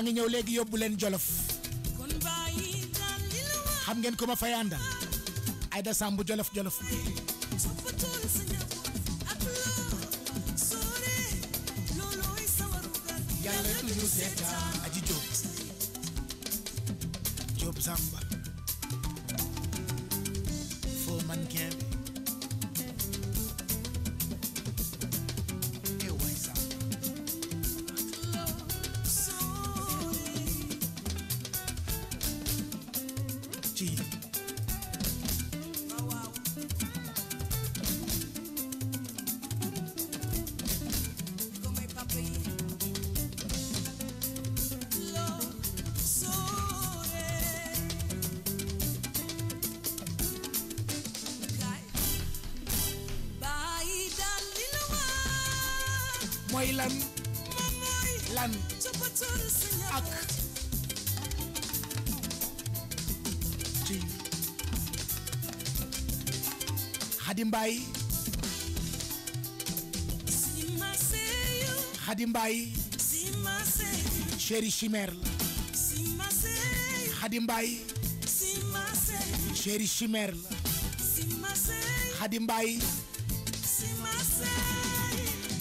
maa ngi ñëw léegi yóbbu leen jolof xam ngeen ku ma fay àndal Aïda Samb jolof jolof mooy mbay lan ak Xadi Mbaay Xadi Mbaay chéri la Xadi Mbaay chéri chimère la Xadi Mbaay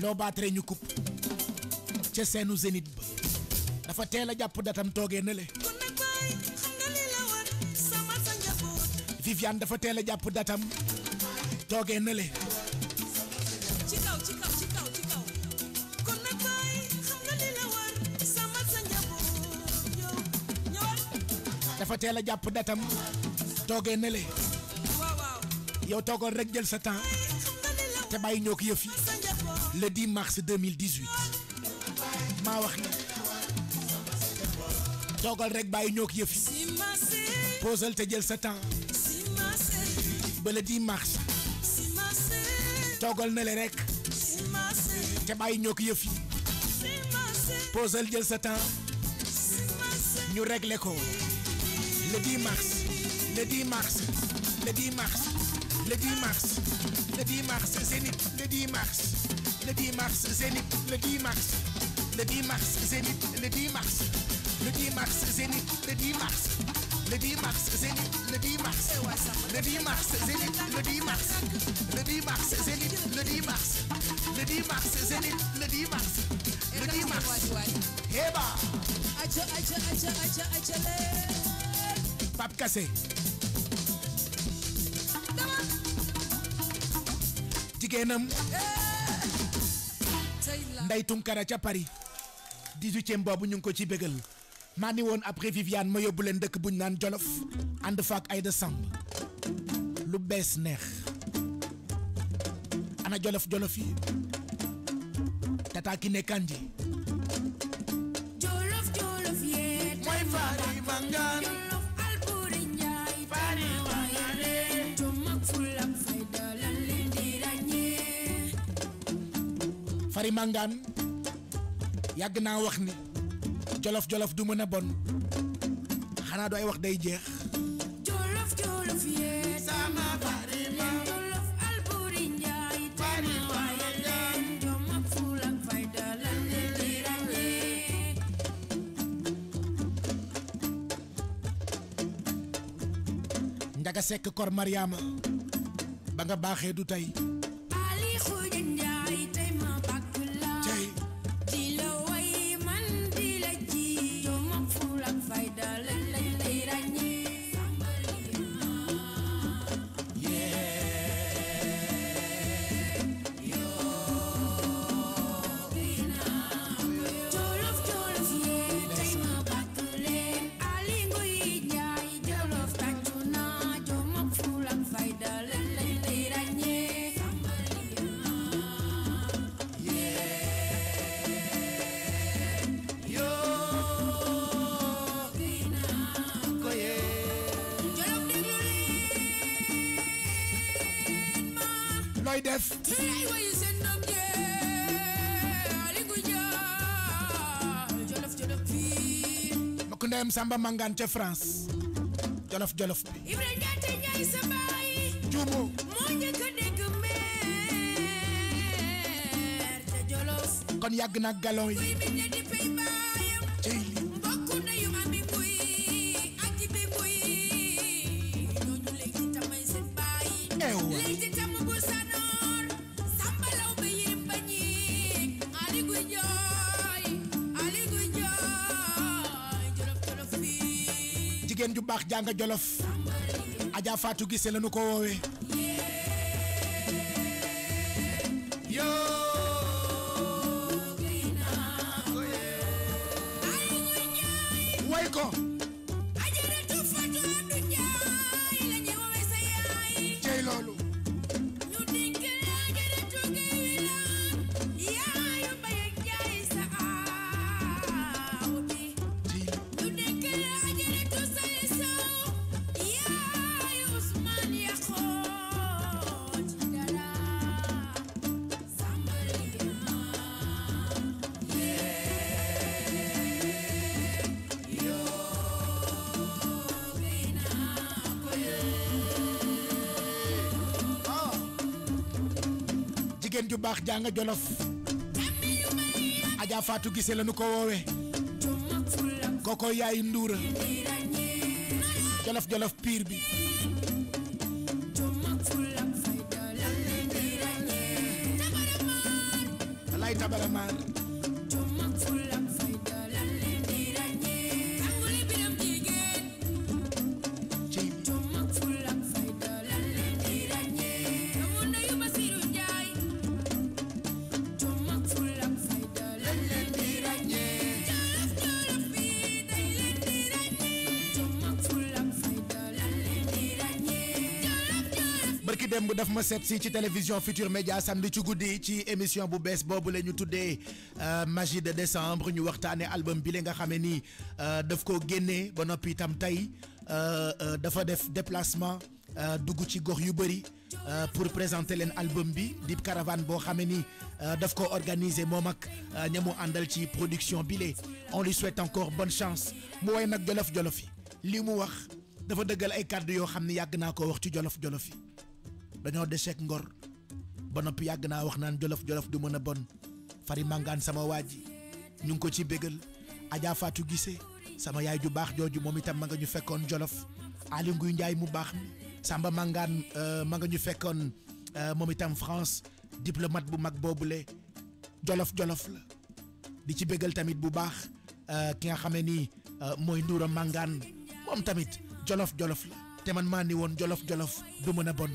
loo baatere ñu coupe ca seenu Zénith ba dafa teel a jàpp datam toogee na le Viviane dafa teel a jàpp datam toogee na dafa teel a jàpp datam toogee na yow toogoon rek jël sa temps te bàyyi ñoo ko yëf le 10 mars 2018 pose rek te jël le 10 mars toogal na le rek te bàyyi ñoo yëf Le posal jël ko le 10 mars le 10 mars le 10 mars le 10 mars le 10 mars le 10 mars. le 10 mars Zénith le 10 mars le 10 mars Zénith le 10 mars le 10 mars Zénith le 10 mars le 10 mars Zénith le 10 mars le 10 mars Zénith le 10 mars le 10 mars Zénith le 10 mars le 10 mars Zénith le 10 mars le 10 mars heba aja aja aja aja aja le Pape Kassé jigéenam Ndeye Tunkara ca Paris 18e boobu ñu ngi ko ci bégal maa ni woon après Viviane ma yóbbu leen dëkk buñ naan Jolof ànd faak ay de Samb lu bees neex ana Jolof Jolof yi tata ki ne kanji Jolof Jolof yee mooy faari mangaan fari mangan yag na wax ni jolof jolof du meuna bon xana do ay wax day jeex jolof jolof ye sama fari jolof kor mariama ba nga baaxee du Samba manga ca France jolof jolof bi juumu kon yàgg na galon yi jigéen ju baax jàng jolof Adja Fatou Gise lañu ko woowe yaa nga jolof Adja Fatou Gise la nu ko woowe koko yaay nduura jolof jolof piir bi démb daf ma set si ci télévision Futur Média samedi ci goudi ci émission bu bees bobu la ñu tuddee euh, magie de décembre ñu waxtané album bi la nga xamé ni euh, daf ko génné ba noppi itam tey euh, dafa def déplacement dugg ci gox yu bëri pour présenter leen album bi di caravane bo xamé ni daf ko organiser moom ak ña ci production bile on lui souhaite encore bonne chance mu woy nag jolof jolof yi li mu wax dafa dëggal ay kàddu yo xam ne ko wax ci jolof jolof dañoo deseeg ngor ba noppi yàgg naa wax naan jolof-jolof du mën a bon fari mangan sama waji, nungko ñu ngi ko ci bégal Adja Fatou Gissé sama yaay ju baax jooju moom itam ma nga ñu fekkoon jolof ali nguy Ndiaye mu baax mi Samba Mangane euh, ma nga ñu fekkoon euh, moom itam France diplomate bu mag le jolof jolof la di ci bégal tamit bu baax euh, ki nga xamee ni mooy Ndoura Mangane moom tamit jolof jolof la te man maa ni woon jolof jolof du mën a bon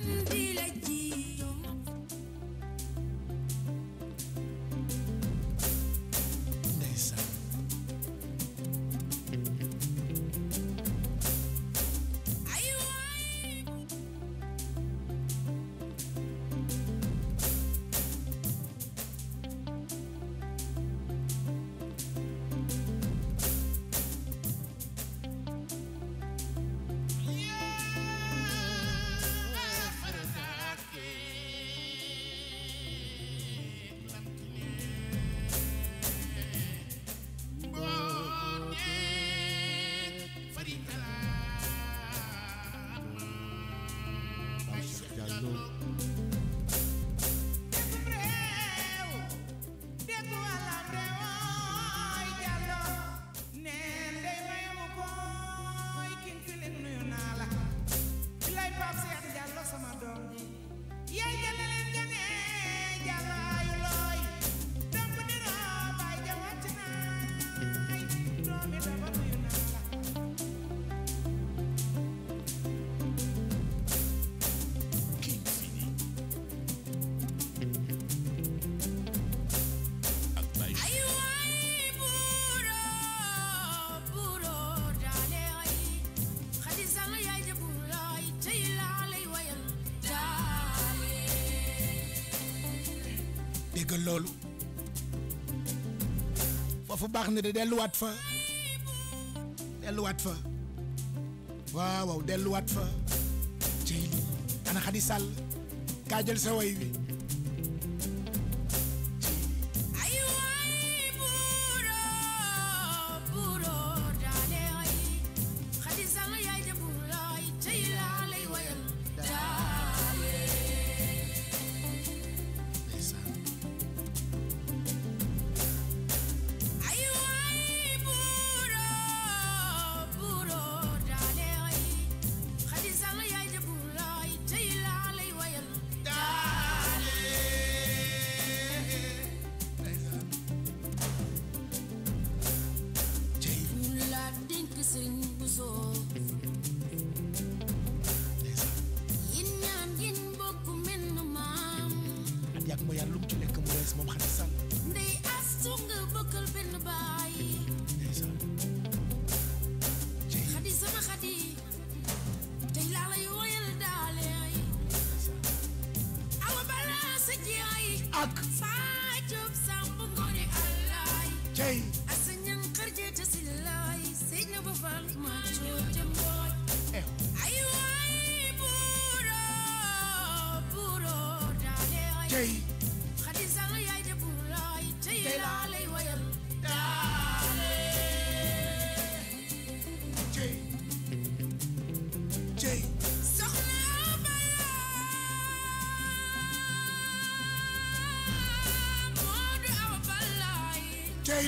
que loolu foofu baax na de delluwaat fa delluwaat fa waaw delluwaat fa ci ana Xadi Sàll kaa sa way wi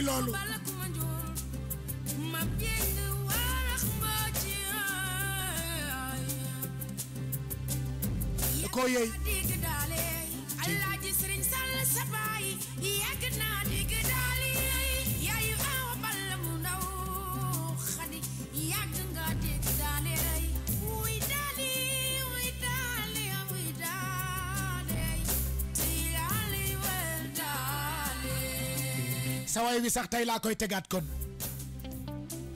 mooy loolu sa way wi sax tey laa koy tegaat kon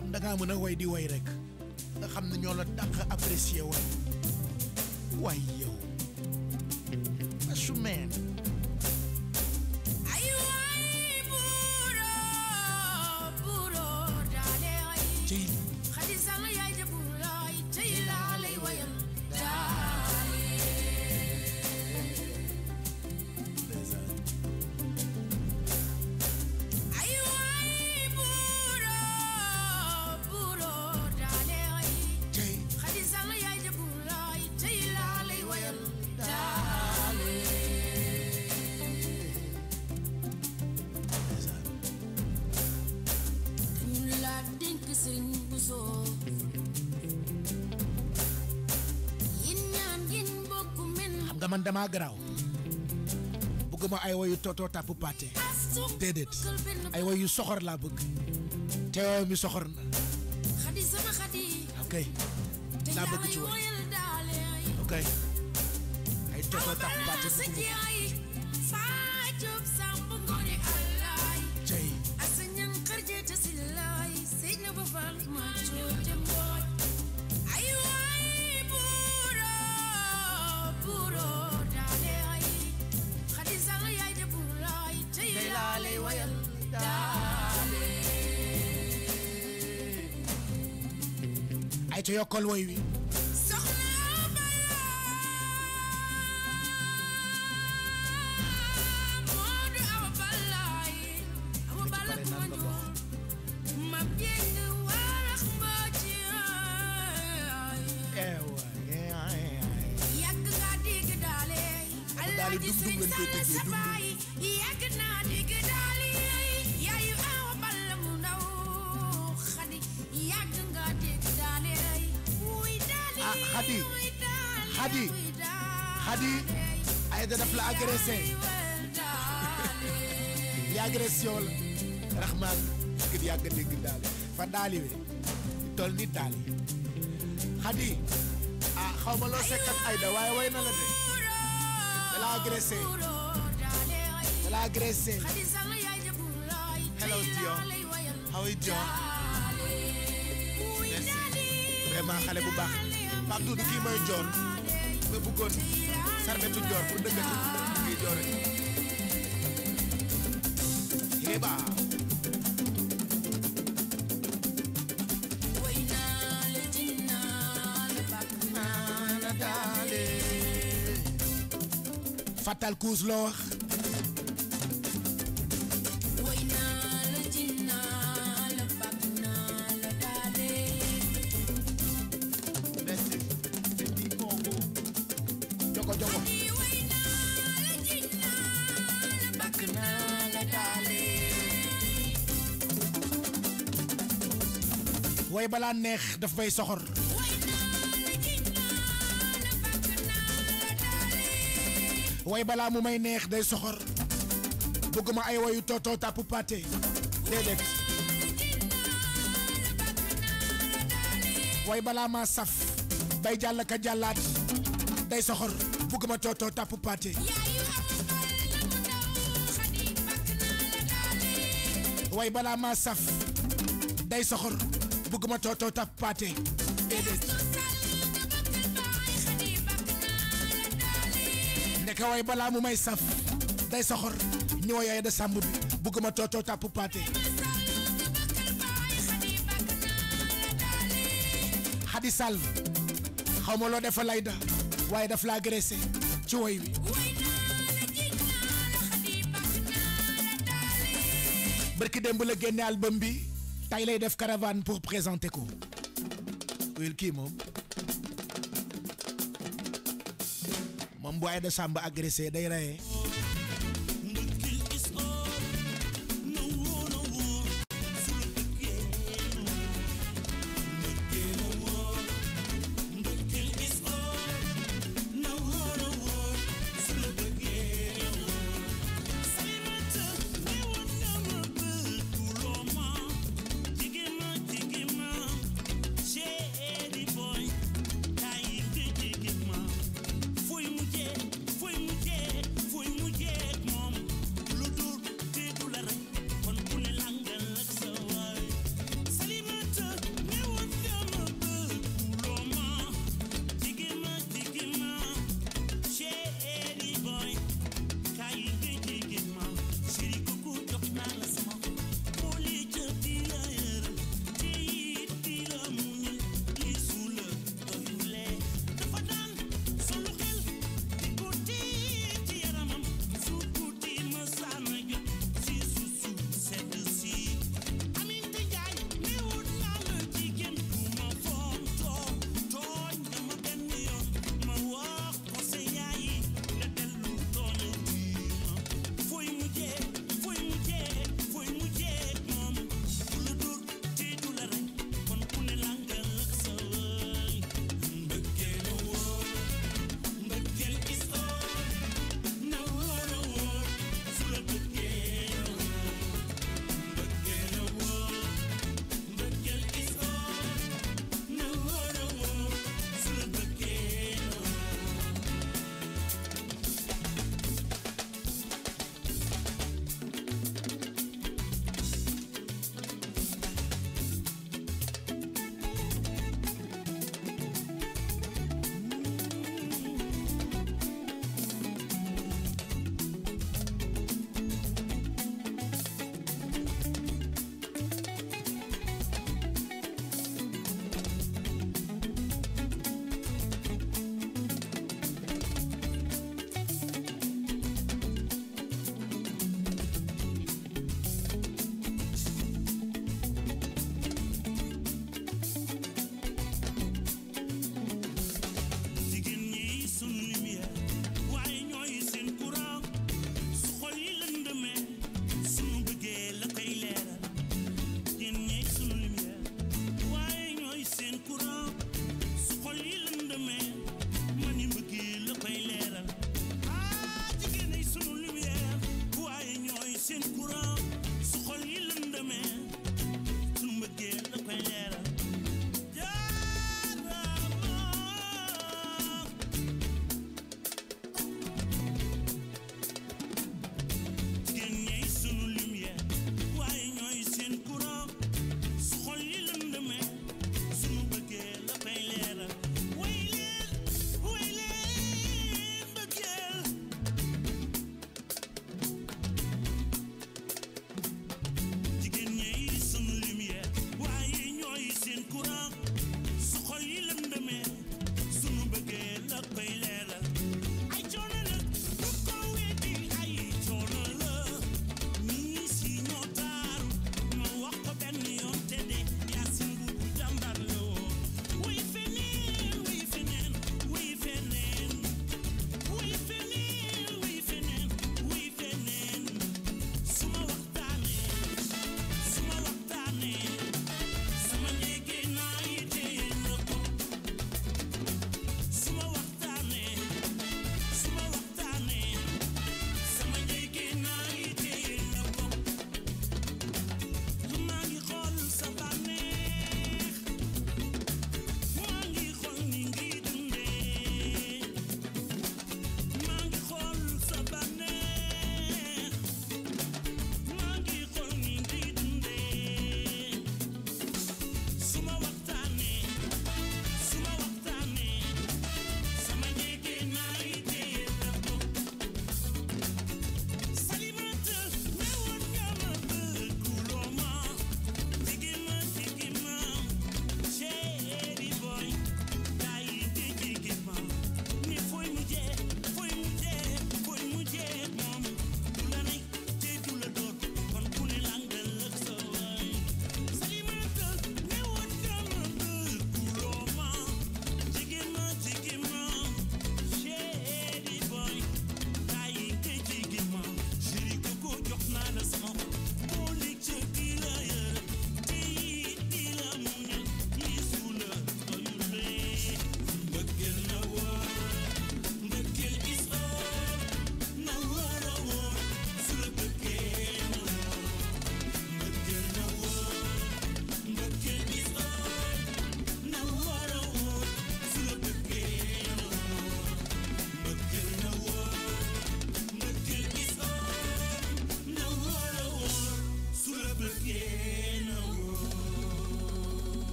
xam dangaa mën a way di way rek nga xam ne ñoo la dàq apprécier way way yow la man damaa garaaw bëgguma ay woyu toto tàpp pàtte déedéet ay woyu soxor laa bëgg teewoo mi soxor na ok laa bëgg ci woy ok ay toto tàpp pàtte I call wi daal di dum dum dum dum xadi xadi xadi Aïda la agressé li agression raxmaan gën yàgg dégg daali fa daali we toll nit daali xadi ah xaw ma loo sekk na la de da la agressé da la agressé hello Dior how are you Dior merci xale bu baax Pape Doudou kii mooy Dior nga bëggoon sarmetu Dior pour dëggati kii Dior rek héba fatal kuus loo bala neex daf may soxor way bala mu may neex day soxor bëgguma ay wayu toto tapu paté déedéet way bala ma saf bay jàll ka jallat day soxor bëgguma toto tapu paté way bala ma saf day soxor bëgguma tootoo taf paate ndeke waay balaa mu may saf day soxor ni wa yaay da sàmb bi bëgguma tootoo tàpp paate xadi sall xaw ma loo defa lay da waaye daf laa agressé ci woy wi barki démb la génne album bi tey def caravane pour présenter quoi? wil kii moom Mon de samba agressé day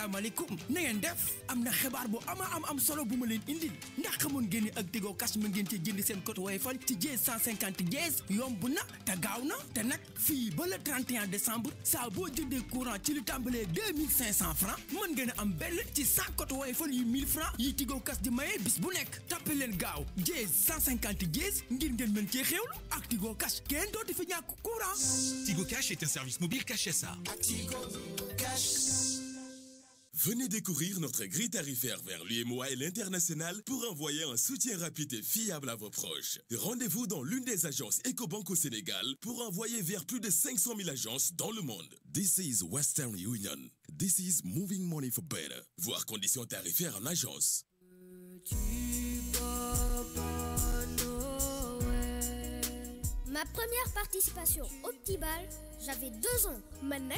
asalaamaaleykum na ngeen def am na xibaar bu ama am am solo bu ma leen indil ndax xamoon ngeen ni ak Tigo Cash mu ngeen ci jënd seen code Woyofal ci jees 150 jees yomb na te gaaw na te nag fii ba le 31 décembre saa boo jëndee courant ci lu tàmbalee 2500 francs mën ngeen a am benn ci 100 code Woyofal yu 1000 francs yi Tigo Cash di maye bis bu nekk tappe leen gaaw jees 150 jees ngir ngeen mën cee xéewlu ak Tigo Cash kenn dooti fi ñàkk courant Tigo Cash est un service mobile Cash SA Tigo Cash Venez découvrir notre grille tarifaire vers l'UMOA et l'international pour envoyer un soutien rapide et fiable à vos proches. Rendez-vous dans l'une des agences EcoBank au Sénégal pour envoyer vers plus de 500 000 agences dans le monde. This is Western Union. This is moving money for better. Voir conditions tarifaires en agence. Ma première participation au petit j'avais deux ans. Maintenant,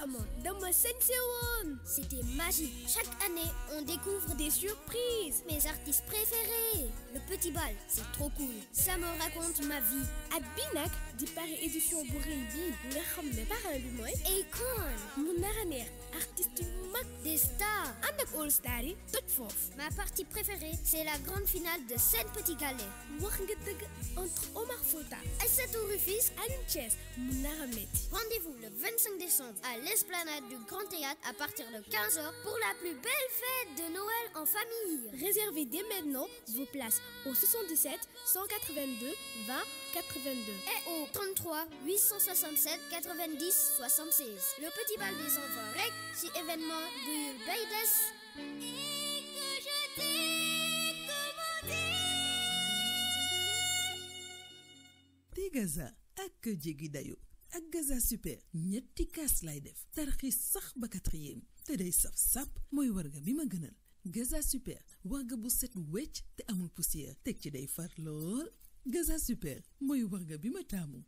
ans moi, dans ma Senseiwon. C'était magique. Chaque année, on découvre des surprises. Mes artistes préférés. Le petit bal, c'est trop cool. Ça me raconte ma vie. À Binac, di Paris édition bu rëy bii nga xam ne parrain bi mooy Mon mu artiste yu mag des stars ànd ak all star yi toj ma partie préférée c'est la grande finale de Sen Petit galet wax entre Omar Fouta Aïssatou Rufis à Thiès mu nar a rendez-vous le 25 décembre à l'esplanade du Grand Théâtre à partir de 15h pour la plus belle fête de Noël en famille réservez dès maintenant vos places au 77 182 20 82 et au 33 867 90 76. Le petit bal des enfants rec, si événement de Et que je t'ai commandé. Gaza ak jéggi dayo ak Gaza super ñetti kaas lay def tarxis sax ba quatrième te day saf Sap mooy warga bi gënal Gaza super warga bu set wecc te amul poussière teg ci day far Gaza Super moi warga bi ma taamu.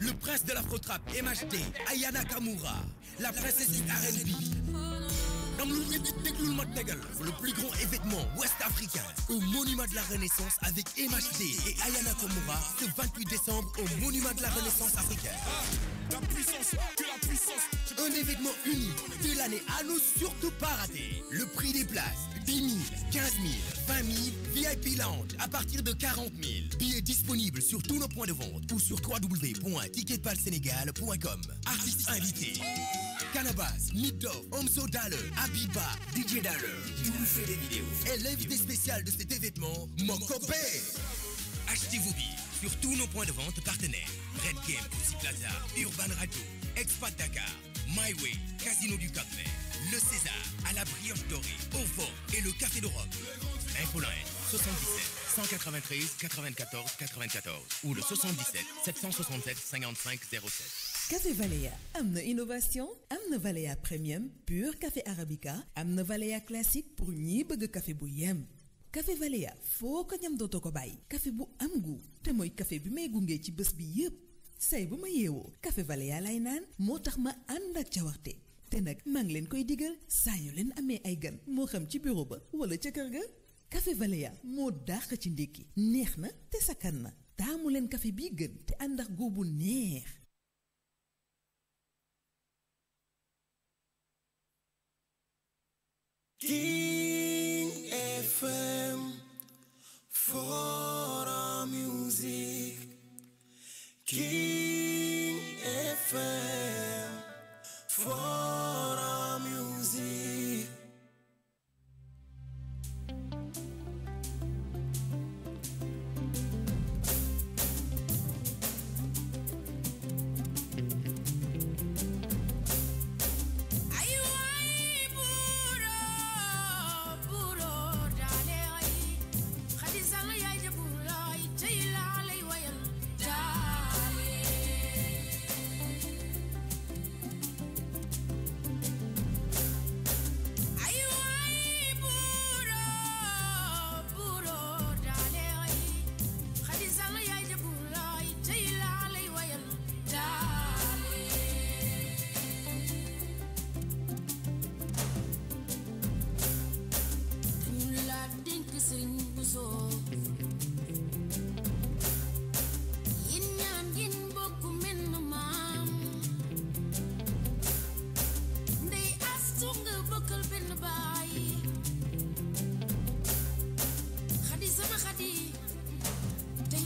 Le prince de la l'afrotrap, MHD, Ayana Kamura, la princesse du R&B le plus grand événement ouest-africain au Monument de la Renaissance avec MHD et Ayana Komura ce 28 décembre au Monument de la Renaissance africaine. La puissance, Un événement unique de l'année à nous surtout pas rater. Le prix des places, 10 000, 15 000, 20 000, VIP Lounge à partir de 40 000. Billets disponibles sur tous nos points de vente ou sur www.ticketpalsenegal.com. Artistes invités. Canabas, Nipto, Omso Dale, Biba, DJ Daller, tout fait des vidéos. Et l'invité spécial de cet événement, copain Achetez vos billes sur tous nos points de vente partenaires. Red Game, Pussy Plaza, Urban Radio, Expat Dakar, MyWay, Casino du Cap Le César, à la Brioche Dorée, Au Fort et le Café d'Europe. Info 77 193 94 94 ou le 77 767 55 07 café Valea, amne innovation amne Valea premium pur café arabica amne Valea classique pour ñi bëgg café bu yem café Valeya faut ko ñam doto ko café bu am gu te moy café bi gunge ci bëss bi yépp say bu ma yéwo. café Valeya lay naan motax ma manglen ak ci waxté. te nak ma ngi leen koy digal saa leen amé ay gan mo xam ci bureau ba wala kër ga café Valeya mo ci te sakkan na leen café bigan, te andak ak King FM for our music. King FM for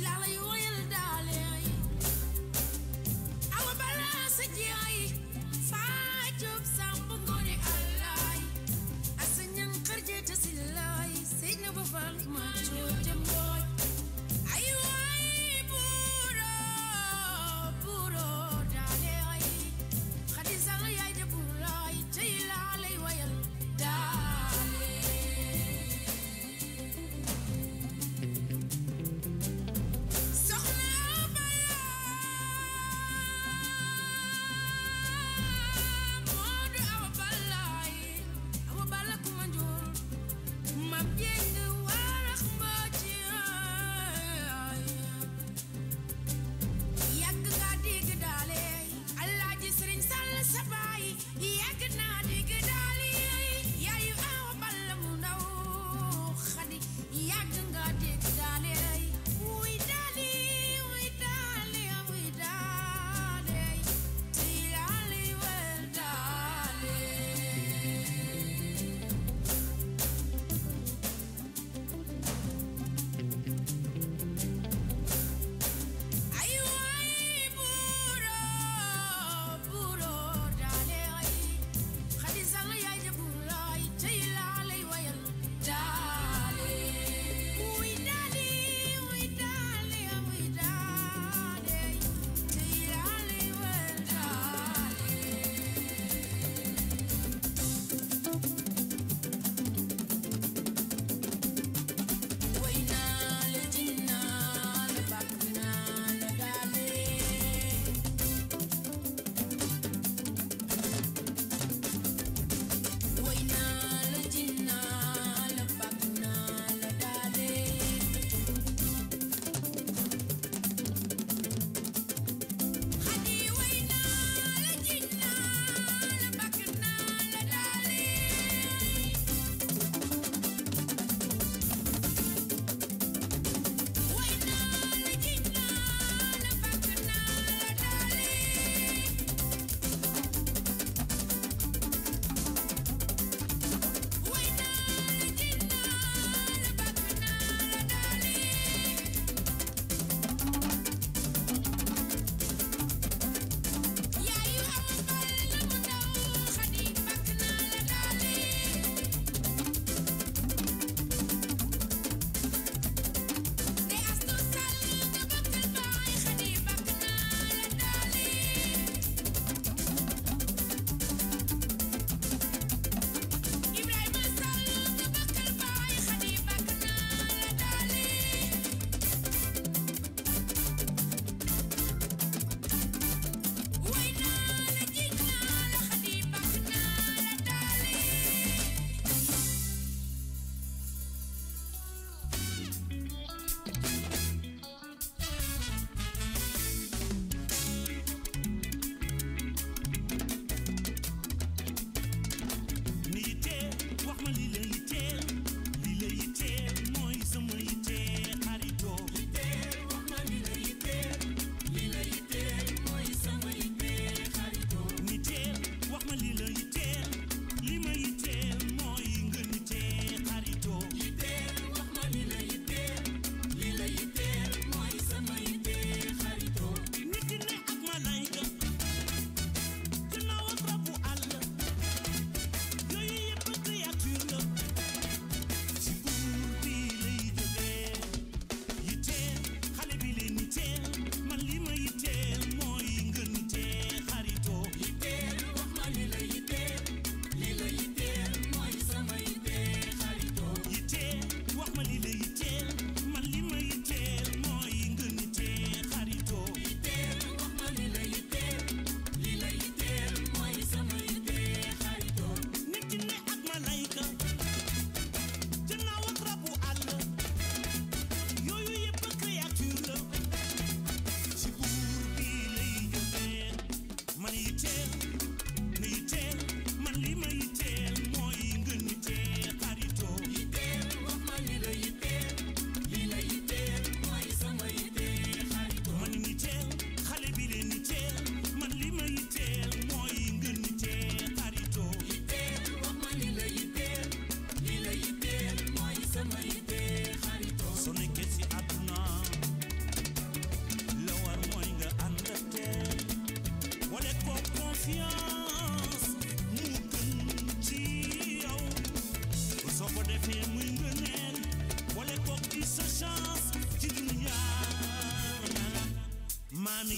Lala, you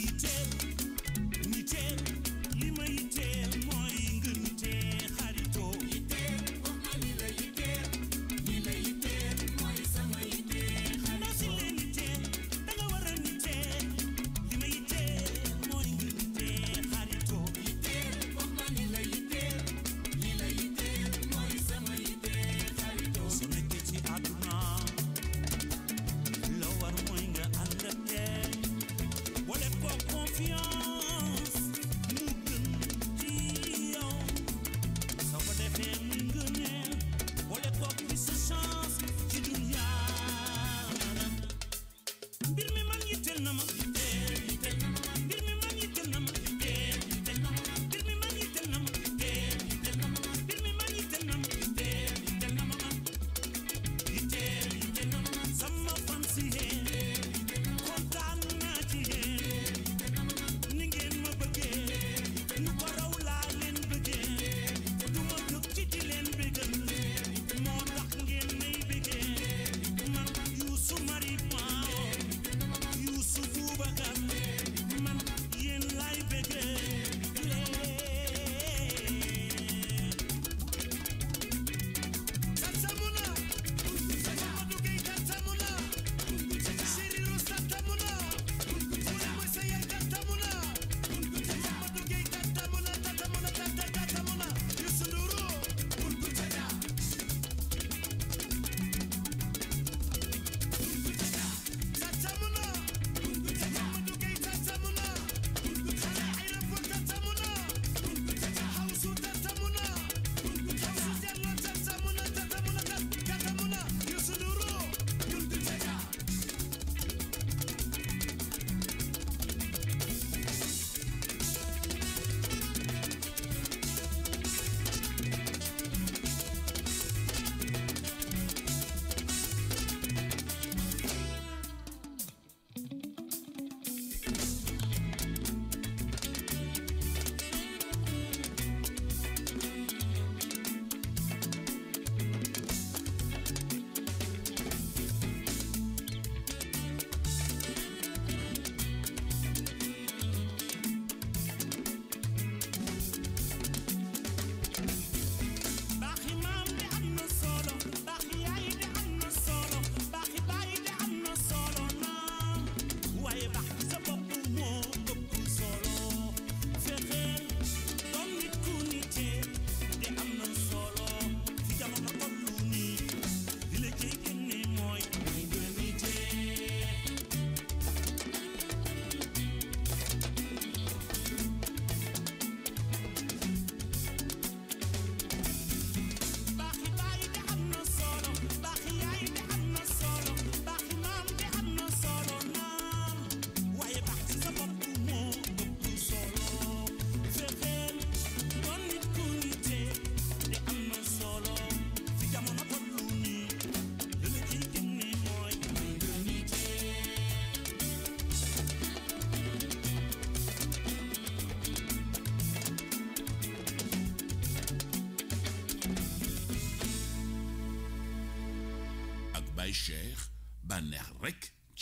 cheated.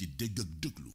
ci dégg ak